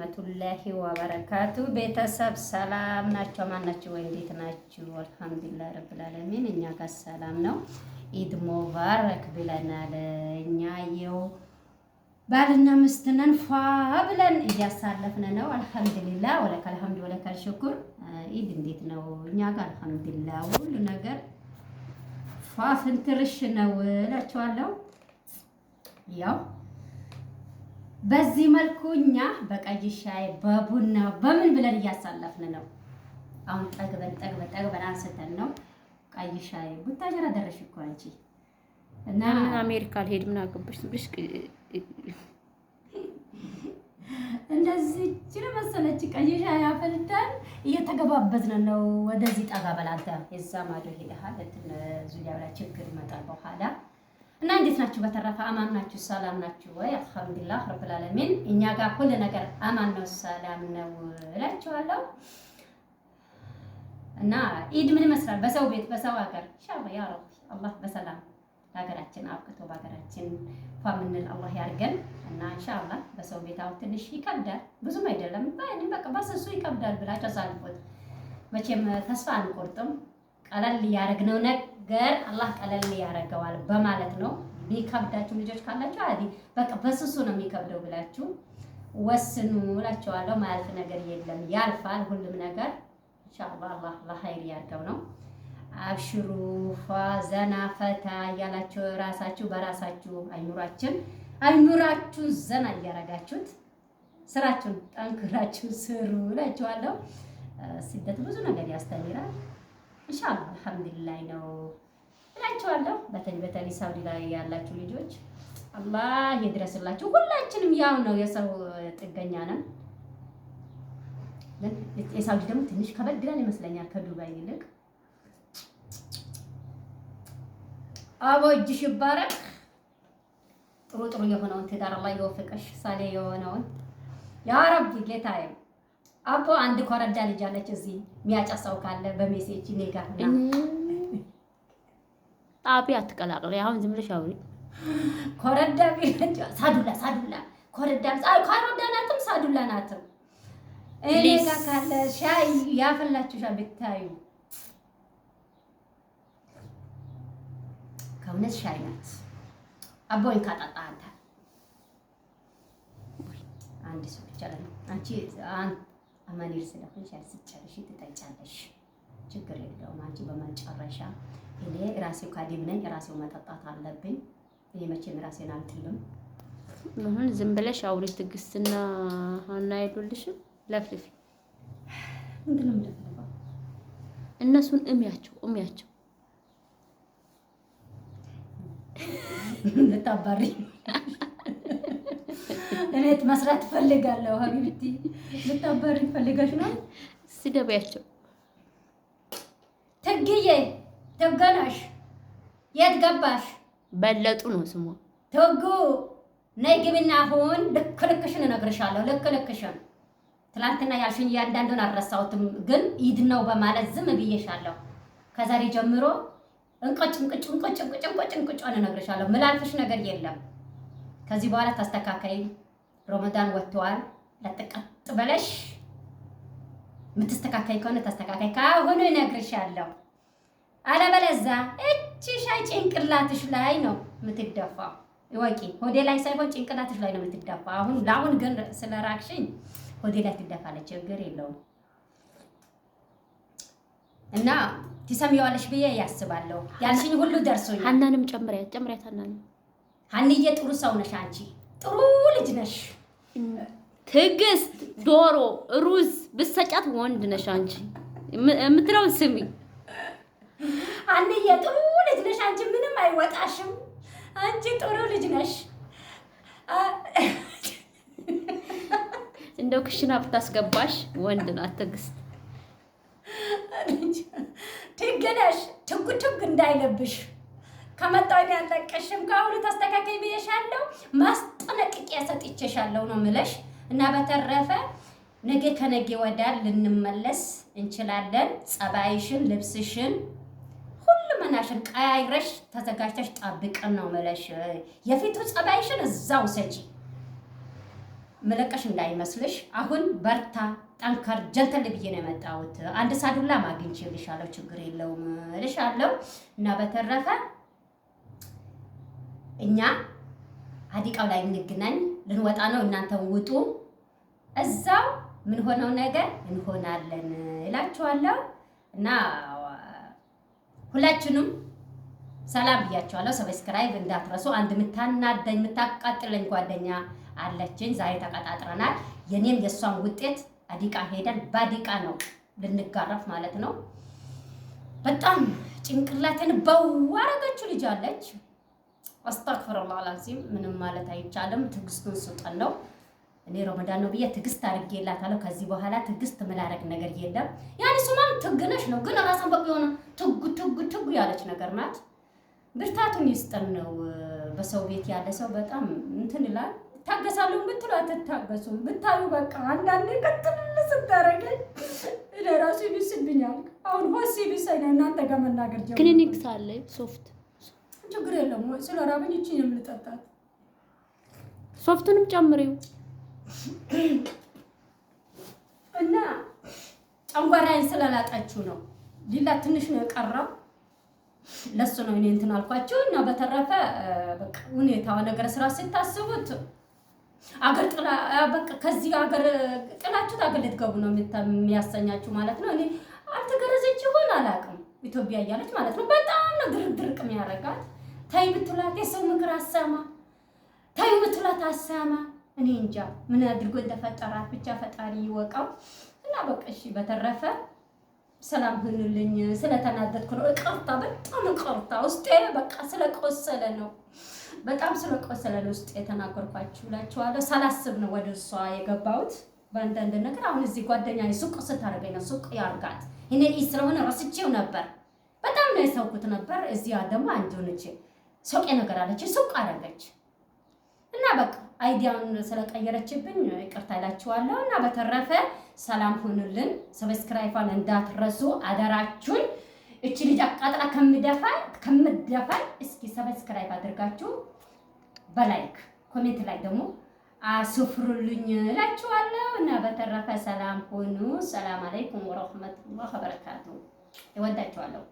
መቱላሂ ወበረካቱ ቤተሰብ ሰላም ናቸው። ማናችሁ ወይ እንዴት ናችሁ? አልሐምዱሊላህ ረብል ዓለሚን እኛ ጋር ሰላም ነው። ኢድ ሞባረክ ብለናል። እኛ የው ባልና ሚስት ነን፣ ፏ ብለን እያሳለፍን ነው። አልሐምዱሊላህ ወለከ ሐምድ ወለከ ሽኩር። ኢድ እንዴት ነው? እኛ ጋር አልሐምዱሊላህ ሁሉ ነገር ፏ ፍንትርሽ ነው እላችኋለሁ ያው በዚህ መልኩ እኛ በቀይ ሻይ በቡና በምን ብለን እያሳለፍን ነው። አሁን ጠግበን ጠግበን ጠግበን አንስተን ነው ቀይ ሻይ ቡታጀራ ደረሽ እኮ አንቺ እና አሜሪካ ልሄድ ምን አገባሽ ብሽ እንደዚህ ችለ መሰለች። ቀይ ሻይ አፈልተን እየተገባበዝን ነው። ወደዚህ ጠጋ በላንተ የዛ ማዶ ሄደሃል እንትን ዙሪያ ብላ ችግር ይመጣል በኋላ እና እንዴት ናችሁ? በተረፈ አማን ናችሁ? ሰላም ናችሁ ወይ? አልሐምዱሊላህ ረብል ዓለሚን እኛ ጋር ሁሉ ነገር አማን ነው፣ ሰላም ነው እላችኋለሁ። እና ኢድ ምን ይመስላል? በሰው ቤት በሰው ሀገር ኢንሻአላህ ያ ረብ አላህ በሰላም ሀገራችን አብቅቶ በሀገራችን ፏ አላህ ያርገን። እና ኢንሻአላህ በሰው ቤት አሁን ትንሽ ይከብዳል፣ ብዙም አይደለም ባይንም በቃ በስሱ ይከብዳል ብላችሁ አሳልፎት መቼም ተስፋ አንቆርጥም። ቀለል ያደረግነው ነገር ነገር አላህ ቀለል ያደርገዋል በማለት ነው። የሚከብዳችሁ ልጆች ካላችሁ አዲ በቃ በስሱ ነው የሚከብደው ብላችሁ ወስኑ እላቸዋለሁ። ማያልፍ ነገር የለም ያልፋል ሁሉም ነገር ኢንሻአላህ። አላህ ለኸይር ያርገው ነው። አብሽሩ ዘና ፈታ እያላችሁ ራሳችሁ በራሳችሁ አይኑራችን አይኑራችሁ ዘና እያረጋችሁት ስራችሁን ጠንክራችሁ ስሩ እላቸዋለሁ። ስደት ብዙ ነገር ያስተምራል። ኢንሻአላህ አልሐምዱሊላህ ነው እላችኋለሁ። በተለይ በተለይ ሳውዲ ላይ ያላችሁ ልጆች አላህ ይድረስላችሁ። ሁላችንም ያው ነው የሰው ጥገኛ ነን። የሳውዲ ደግሞ ትንሽ ከበድ ይላል ይመስለኛል ከዱባይ ይልቅ። አቦ እጅሽ ይባረክ። ጥሩ ጥሩ የሆነውን ትዳር ላይ የወፈቀሽ ሳሌ የሆነውን ያ ረቢ ጌታዬ አቦ አንድ ኮረዳ ልጅ አለች። እዚህ የሚያጨሳው ካለ በሜሴጅ እኔ ጋር ና ጣቢ አትቀላቅለ። አሁን ዝም ብለሽ አውሪ። ኮረዳ ሳዱላ ሳዱላ ኮረዳ ኮረዳ ናትም ሳዱላ ናትም እኔ ጋር ካለ ሻይ ያፈላችሁ ሻይ ብታዩ ከእውነት ሻይ ናት። አቦይን ካጣጣ አንተ አንድ ሰው ብቻ አንቺ አማኔር ስለሆንሽ ያስጨርሽ ትጠጫለሽ፣ ችግር የለውም። አንቺ በመጨረሻ እኔ ራሴው ካዲብ ነኝ፣ ራሴው መጠጣት አለብኝ። እኔ መቼም ራሴን አልትልም። አሁን ዝም ብለሽ አውሪ። ትዕግስትና ሀና አይሉልሽም። ለፍልፊ ምንድነው የምለፈልፈው? እነሱን እሚያቸው እሚያቸው ልታባሪ እኔት መስራት ፈልጋለሁ። ሀቢብቲ ልታበር ፈልጋሽ ነው። ስደቢያቸው ትግዬ ትገናሽ የት ገባሽ? በለጡ ነው ስሟ። ትጉ ነይ ግቢና አሁን ልክ ልክሽን እነግርሻለሁ። ልክ ልክሽን ትናንትና ያልሽኝ እያንዳንዱን አልረሳሁትም፣ ግን ሂድ ነው በማለት ዝም ብዬሻለሁ። ከዛሬ ጀምሮ እንቆጭ እንቆጭ እንቆጭ እንቆጭ እንቆጭ እንቆጭ እነግርሻለሁ። ምላልፍሽ ነገር የለም። ከዚህ በኋላ ተስተካከይ። ሮመዳን ወጥተዋል። ለጥቀጥ በለሽ የምትስተካካይ ከሆነ ተስተካካይ ካሁኑ እነግርሻለሁ። አለበለዚያ እቺ ሻይ ጭንቅላትሽ ላይ ነው የምትደፋው። ይወቂ ሆዴ ላይ ሳይሆን ጭንቅላትሽ ላይ ነው የምትደፋው። አሁን ለአሁን ግን ስለራክሽኝ ሆዴ ላይ ትደፋለች። ችግር የለውም እና ትሰሚዋለሽ ብዬ ያስባለሁ። ያልሽኝ ሁሉ ደርሶኛል። አናንም ጨምሪያት ጨምሪያት አናንም ሀንዬ ጥሩ ሰው ነሽ። አንቺ ጥሩ ልጅ ነሽ። ትዕግስት ዶሮ ሩዝ ብሰጫት ወንድ ነሽ አንቺ የምትለውን ስሚ። ሀንዬ ጥሩ ልጅ ነሽ። አንቺ ምንም አይወጣሽም። አንቺ ጥሩ ልጅ ነሽ። እንደው ክሽና ብታስገባሽ ወንድ ናት ትዕግስት። ትግ ነሽ። ትጉ ትግ እንዳይለብሽ ከመጣሁ እኔ አልለቅሽም። ከአሁኑ ተስተካከይ ብዬሻለሁ። ማስጠንቀቂያ ሰጥቼሻለሁ ነው ምለሽ እና በተረፈ ነገ ከነገ ወዳ ልንመለስ እንችላለን። ጸባይሽን፣ ልብስሽን፣ ሁሉ ምናሽን ቀያይረሽ ተዘጋጅተሽ ጠብቅን ነው ምለሽ። የፊቱ ጸባይሽን እዛው ሰጪ መለቀሽ እንዳይመስልሽ። አሁን በርታ፣ ጠንከር፣ ጀንተል ብዬ ነው የመጣሁት። አንድ ሳዱላ ማግኝቼልሻለሁ፣ ችግር የለውም እልሻለሁ እና በተረፈ እኛ አዲቃው ላይ እንገናኝ። ልንወጣ ነው፣ እናንተም ውጡ። እዛው ምን ሆነው ነገር እንሆናለን እላችኋለሁ እና ሁላችንም ሰላም ብያቸዋለሁ። ሰብስክራይብ እንዳትረሱ። አንድ የምታናደኝ የምታቃጥለኝ ጓደኛ አለችኝ። ዛሬ ተቀጣጥረናል። የኔም የእሷን ውጤት አዲቃ ሄደን በአዲቃ ነው ልንጋረፍ ማለት ነው። በጣም ጭንቅላትን በዋረገችው ልጅ አለች። አስታክፍረላ አላዚም ምንም ማለት አይቻልም። ትዕግስቱን ስጠን ነው። እኔ ረመዳን ነው ብዬ ትዕግስት አድርጌላታለሁ። ከዚህ በኋላ ትዕግስት ምላረግ ነገር የለም። ያኔ ሱማም ትግነሽ ነው፣ ግን ራሳን በቃ የሆነ ትጉ ትጉ ትጉ ያለች ነገር ናት። ብርታቱን ይስጠን ነው። በሰው ቤት ያለ ሰው በጣም እንትን ይላል። ታገሳለሁ ብትሉ አትታገሱም። ብታዩ በቃ አንዳንዴ ቅጥል ስታረገኝ ለራሱ ይብስብኛል። አሁን ሆስ ይብሰኝ እናንተ ጋር መናገር ጀ ክሊኒክ ሳለ ሶፍት ችግር የለም ወይ ስለ ራብን እቺ የምንጠጣት ሶፍቱንም ጨምሪው እና ጨንጓራዬን ስለላጣችሁ ነው። ሌላ ትንሽ ነው የቀረው። ለሱ ነው እኔ እንትን አልኳቸው እና በተረፈ በቃ ሁኔታው ነገር ስራ ስታስቡት አገር ጥላ በቃ ከዚህ አገር ጥላችሁት አገር ልትገቡ ነው የሚያሰኛችሁ ማለት ነው። እኔ አልተገረዘች ይሆን አላውቅም። ኢትዮጵያ እያለች ማለት ነው። በጣም ነው ድርቅ ድርቅ የሚያደርጋት ተይ ብትላት የሰው ምክር አሰማ፣ ተይ ብትላት አሰማ። እኔ እንጃ ምን አድርጎ እንደፈጠራት ብቻ ፈጣሪ ይወቀው። እና በቃ እሺ፣ በተረፈ ሰላም ሁኑልኝ። ስለተናደድኩ ነው። ይቅርታ፣ በጣም ይቅርታ። ውስጤ በቃ ስለቆሰለ ነው፣ በጣም ስለቆሰለ ነው ውስጤ የተናገርኳችሁ እላችኋለሁ። ሳላስብ ነው ወደ እሷ የገባሁት በአንዳንድ ነገር። አሁን እዚህ ጓደኛ ሱቅ ስታደርገኝ ነው ሱቅ ያርጋት። እኔ ስለሆነ ረስቼው ነበር፣ በጣም ነው የሰውኩት ነበር። እዚያ ደግሞ አንድ ሆነች። ሱቅ ነገር አለች፣ ሱቅ አረገች እና በቃ አይዲያውን ስለቀየረችብኝ ይቅርታ ይላችኋለሁ። እና በተረፈ ሰላም ሁኑልን። ሰብስክራይቧን እንዳትረሱ አደራችሁን። እቺ ልጅ አቃጥላ ከምደፋይ ከምደፋይ እስኪ ሰብስክራይፍ አድርጋችሁ በላይክ ኮሜንት ላይ ደግሞ አስፍሩልኝ እላችኋለሁ። እና በተረፈ ሰላም ሁኑ። ሰላም አለይኩም ወረህመቱላህ በረካቱ። ይወዳችኋለሁ።